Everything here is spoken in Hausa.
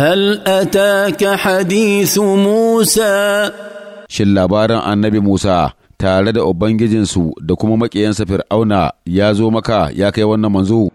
هل أتاك حديث موسى shin labarin annabi Musa tare da Ubangijinsu da kuma maƙiyansa Fir'auna ya zo maka ya kai wannan manzo?